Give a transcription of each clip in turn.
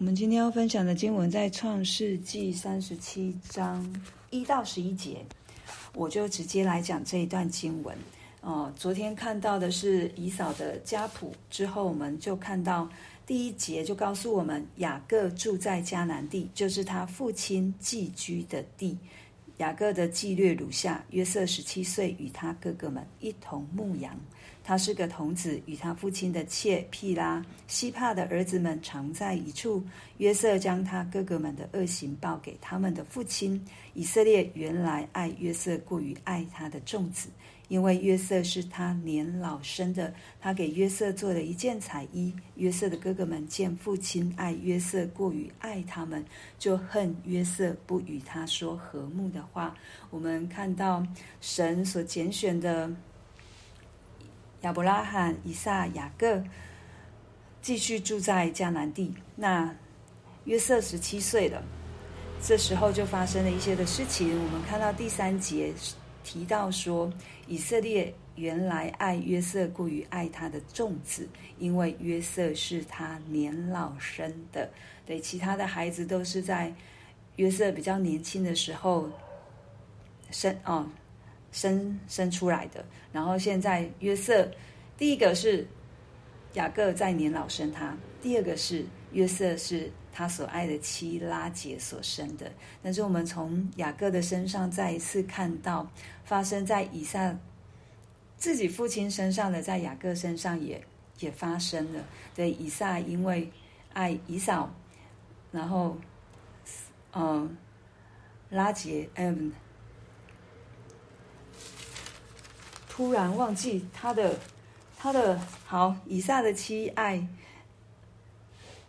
我們今天要分享的經文在創世記三十七章一到十一節，我就直接來講這一段經文。哦，昨天看到的是以掃的家譜之後，我們就看到第一節就告訴我們雅各住在迦南地，就是他父親寄居的地。雅各的記略如下：約瑟十七歲，與他哥哥們一同牧羊。他是個童子，與他父親的妾辟拉、悉帕的兒子們常在一處。約瑟將他哥哥們的惡行報給他們的父親。以色列原來愛約瑟過於愛他的眾子。因為約瑟是他年老生的，他給約瑟做了一件彩衣。約瑟的哥哥們見父親愛約瑟過於愛他們，就恨約瑟，不與他說和睦的話。我們看到神所揀選的亞伯拉罕、以撒、雅各繼續住在迦南地。那約瑟十七歲了，這時候就發生了一些的事情。我們看到第三節。提到說，以色列原來愛約瑟過於愛他的眾子，因為約瑟是他年老生的，對其他的孩子都是在約瑟比較年輕的時候生哦生生出來的。然後現在約瑟第一個是雅各在年老生他，第二個是約瑟是，他所愛的妻拉結所生的，但是我們從雅各的身上再一次看到，發生在以撒自己父親身上的，在雅各身上也也發生了。對，以撒因為愛以掃，然後，嗯，拉結 Evan、嗯、突然忘記他的他的好，以撒的妻愛。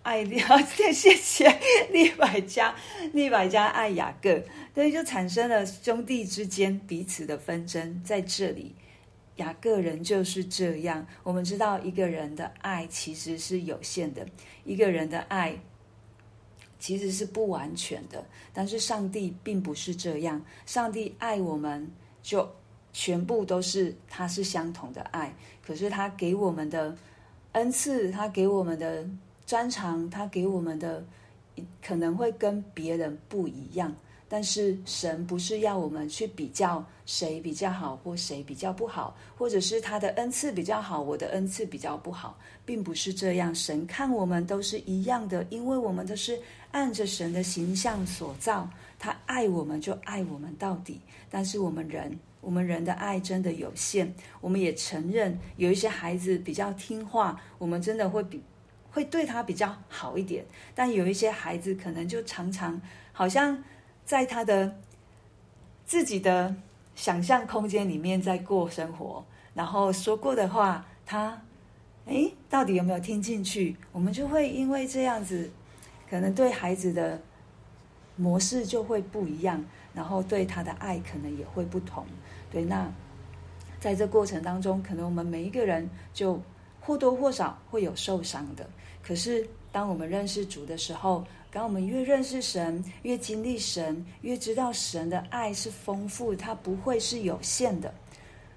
愛了，啊，謝謝利百加，利百加愛雅各，所以就產生了兄弟之間彼此的紛爭。在這裡，雅各人就是這樣。我們知道，一個人的愛其實是有限的，一個人的愛其實是不完全的。但是，上帝並不是這樣，上帝愛我們就全部都是，他是相同的愛。可是，他給我們的恩賜，他給我們的，專長，他給我們的可能會跟別人不一樣，但是神不是要我們去比較誰比較好或誰比較不好，或者是他的恩賜比較好，我的恩賜比較不好，並不是這樣。神看我們都是一樣的，因為我們都是按着神的形象所造。他愛我們就愛我們到底，但是我們人，我們人的愛真的有限。我們也承認有一些孩子比較聽話，我們真的會比。會對他比較好一點，但有一些孩子可能就常常好像在他的自己的想象空間裡面在過生活，然後說過的話，他，誒，到底有沒有聽進去？我們就會因為這樣子，可能對孩子的模式就會不一樣，然後對他的愛可能也會不同。對，那在這過程當中，可能我們每一個人就。或多或少會有受傷的。可是，當我們認識主的時候，當我們越認識神，越經歷神，越知道神的愛是豐富，它不會是有限的。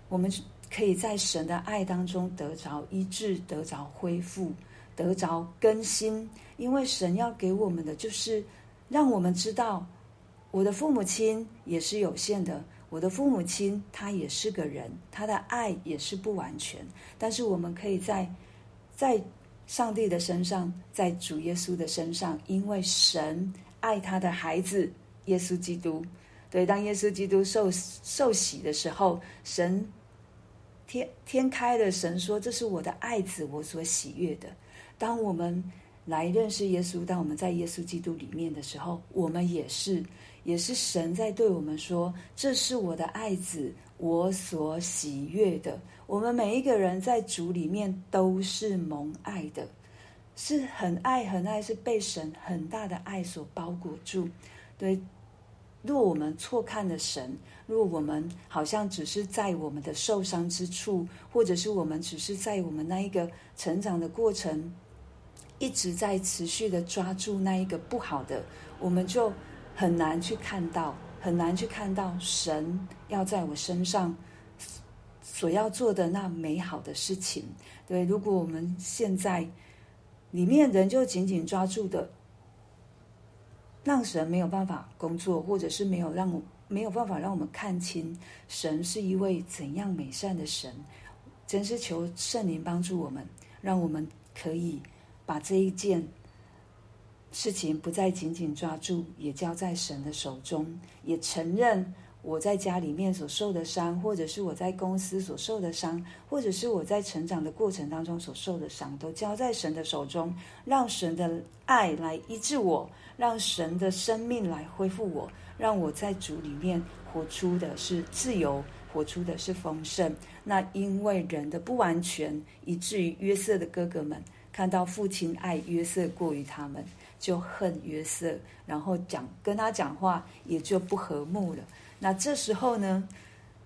我們可以在神的愛當中得着醫治，得着恢復，得着更新。因為神要給我們的，就是讓我們知道，我的父母親也是有限的。我的父母親，他也是個人，他的愛也是不完全。但是我們可以在在上帝的身上，在主耶穌的身上，因為神愛他的孩子耶穌基督。對，當耶穌基督受受洗的時候，神天天開了，神說：“這是我的愛子，我所喜悅的。”當我們來認識耶穌，當我們在耶穌基督裡面的時候，我們也是。也是神在對我們說：“這是我的愛子，我所喜悅的。我們每一個人在主裡面都是蒙愛的，是很愛、很愛，是被神很大的愛所包裹住。”對，若我們錯看了神，若我們好像只是在我們的受傷之處，或者是我們只是在我們那一個成長的過程，一直在持續的抓住那一個不好的，我們就。很難去看到，很難去看到神要在我身上所要做的那美好的事情。對，對，如果我們現在裡面人就緊緊抓住的，讓神沒有辦法工作，或者是沒有讓我沒有辦法讓我們看清神是一位怎樣美善的神。真是求聖靈幫助我們，讓我們可以把這一件。事情不再緊緊抓住，也交在神的手中，也承認我在家裡面所受的傷，或者是我在公司所受的傷，或者是我在成長的過程當中所受的傷，都交在神的手中，讓神的愛來醫治我，讓神的生命來恢復我，讓我在主裡面活出的是自由，活出的是豐盛。那因為人的不完全，以至於約瑟的哥哥們看到父親愛約瑟過於他們。就恨約瑟，然後講跟他講話也就不和睦了。那這時候呢，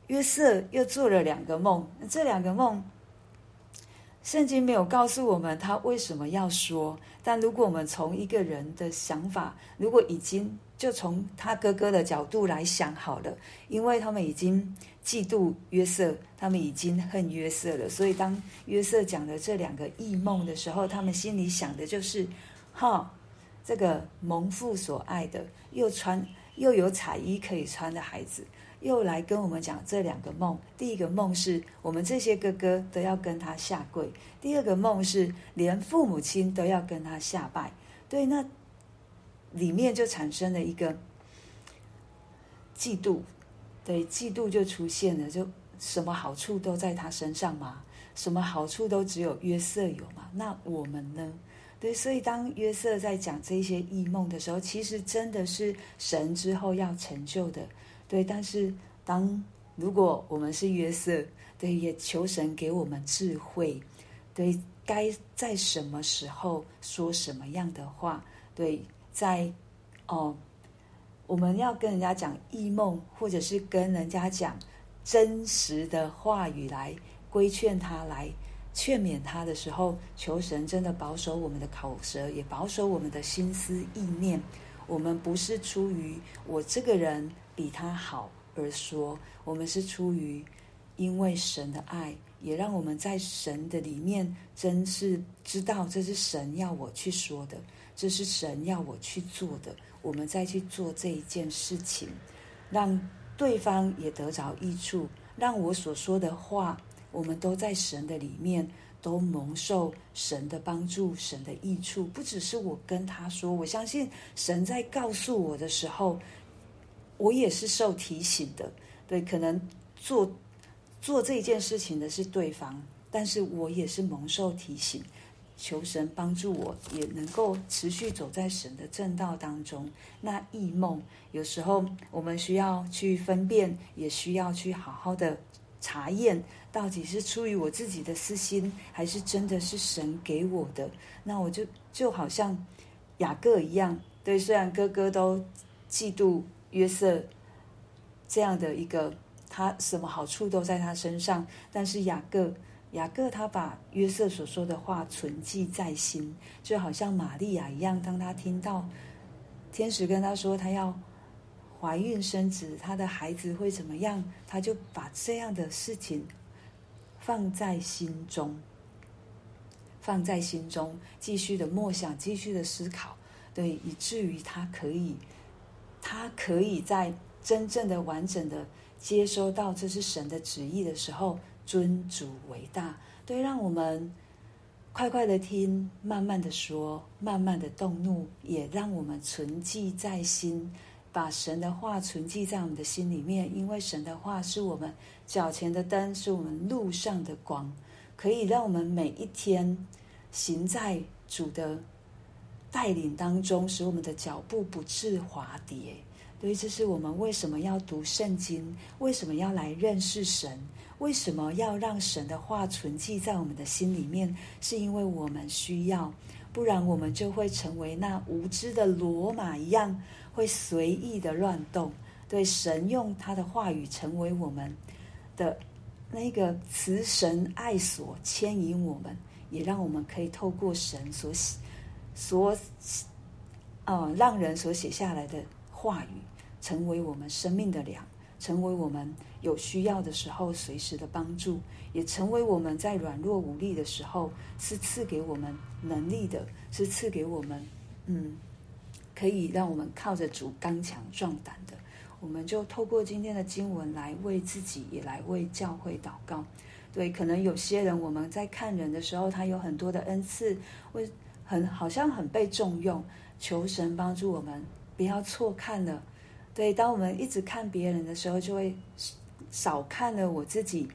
約瑟又做了兩個夢，這兩個夢，聖經沒有告訴我們他為什麼要說。但如果我們從一個人的想法，如果已經就從他哥哥的角度來想好了，因為他們已經嫉妒約瑟，他們已經恨約瑟了，所以當約瑟講了這兩個異夢的時候，他們心裡想的就是，哈、哦。這個蒙父所愛的，又穿又有彩衣可以穿的孩子，又來跟我們講這兩個夢。第一個夢是我們這些哥哥都要跟他下跪；第二個夢是連父母親都要跟他下拜。對，那裡面就產生了一個嫉妒，對，嫉妒就出現了，就什麼好處都在他身上嘛，什麼好處都只有約瑟有嘛，那我們呢？對，所以當約瑟在講這些異夢的時候，其實真的是神之後要成就的。對，但是當如果我們是約瑟，對，也求神給我們智慧，對，該在什麼時候說什麼樣的話？對，在哦，我們要跟人家講異夢，或者是跟人家講真實的話語來規勸他來。勸勉他的時候，求神真的保守我們的口舌，也保守我們的心思意念。我們不是出於我這個人比他好而說，我們是出於因為神的愛，也讓我們在神的裡面，真是知道這是神要我去說的，這是神要我去做的。我們再去做這一件事情，讓對方也得着益處，讓我所說的話。我們都在神的裡面，都蒙受神的幫助、神的益處。不只是我跟他說，我相信神在告訴我的時候，我也是受提醒的。對，可能做做這件事情的是對方，但是我也是蒙受提醒，求神幫助我，我也能夠持續走在神的正道當中。那異夢有時候我們需要去分辨，也需要去好好的。查驗到底是出於我自己的私心，還是真的是神給我的？那我就就好像雅各一樣，對，雖然哥哥都嫉妒約瑟這樣的一個，他什麼好處都在他身上，但是雅各，雅各他把約瑟所說的話存記在心，就好像瑪利亞一樣，當他聽到天使跟他說他要。懷孕生子，他的孩子會怎麼樣？他就把這樣的事情放在心中，放在心中，繼續的默想，繼續的思考，對，以至於他可以，他可以在真正的、完整的接收到這是神的旨意的時候，尊主為大。對，讓我們快快的聽，慢慢的說，慢慢的動怒，也讓我們存記在心。把神的話存記在我們的心裡面，因為神的話是我們腳前的燈，是我們路上的光，可以讓我們每一天行在主的帶領當中，使我們的腳步不致滑跌。所以，這是我們為什麼要讀聖經，為什麼要來認識神，為什麼要讓神的話存記在我們的心裡面，是因為我們需要。不然，我們就會成為那無知的騾馬一樣，會隨意的亂動。對神用他的話語，成為我們的那個慈繩愛索牽引我們，也讓我們可以透過神所所哦、呃，讓人所寫下來的話語，成為我們生命的糧。成為我們有需要的時候隨時的幫助，也成為我們在軟弱無力的時候是賜給我們能力的，是賜給我們，嗯，可以讓我們靠着主剛強壯膽的。我們就透過今天的經文來為自己，也來為教會禱告。對，可能有些人我們在看人的時候，他有很多的恩賜，會很好像很被重用。求神幫助我們，不要錯看了。所以，當我們一直看別人的時候，就會少看了我自己。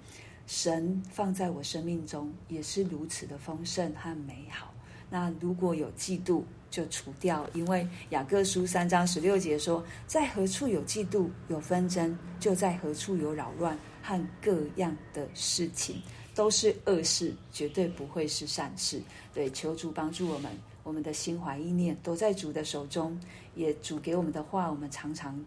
神放在我生命中也是如此的豐盛和美好。那如果有嫉妒，就除掉，因為雅各書三章十六節說：“在何處有嫉妒、有紛爭，就在何處有擾亂和各樣的事情，都是惡事，絕對不會是善事。”對，求主幫助我們，我們的心懷意念都在主的手中，也主給我們的話，我們常常。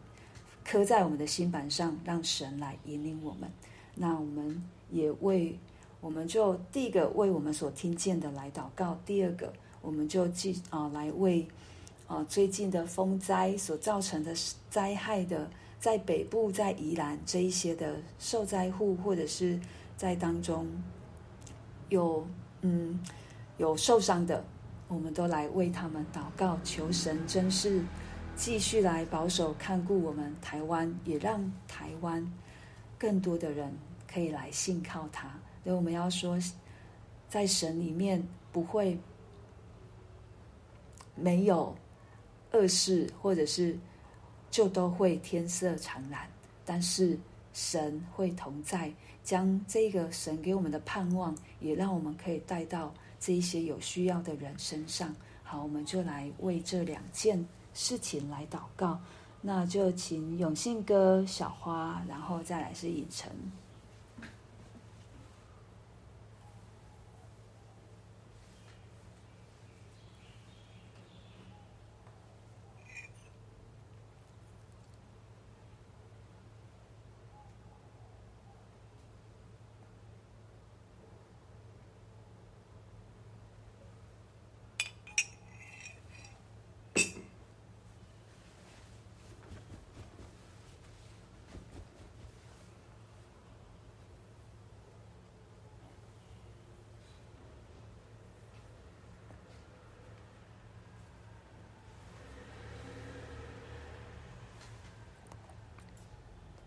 刻在我們的心版上，讓神來引領我們。那我們也為，我們就第一個為我們所聽見的來禱告；第二個，我們就記啊來為啊最近的風災所造成的災害的，在北部在宜蘭這一些的受災戶，或者是在當中有嗯有受傷的，我們都來為他們禱告，求神真是。繼續來保守看顧我們台灣，也讓台灣更多的人可以來信靠他。所以我們要說，在神裡面不會沒有惡事，或者是就都會天色常藍，但是神會同在，將這個神給我們的盼望，也讓我們可以帶到這一些有需要的人身上。好，我們就來為這兩件事情來禱告，那就請永信哥、小花，然後再來是影城。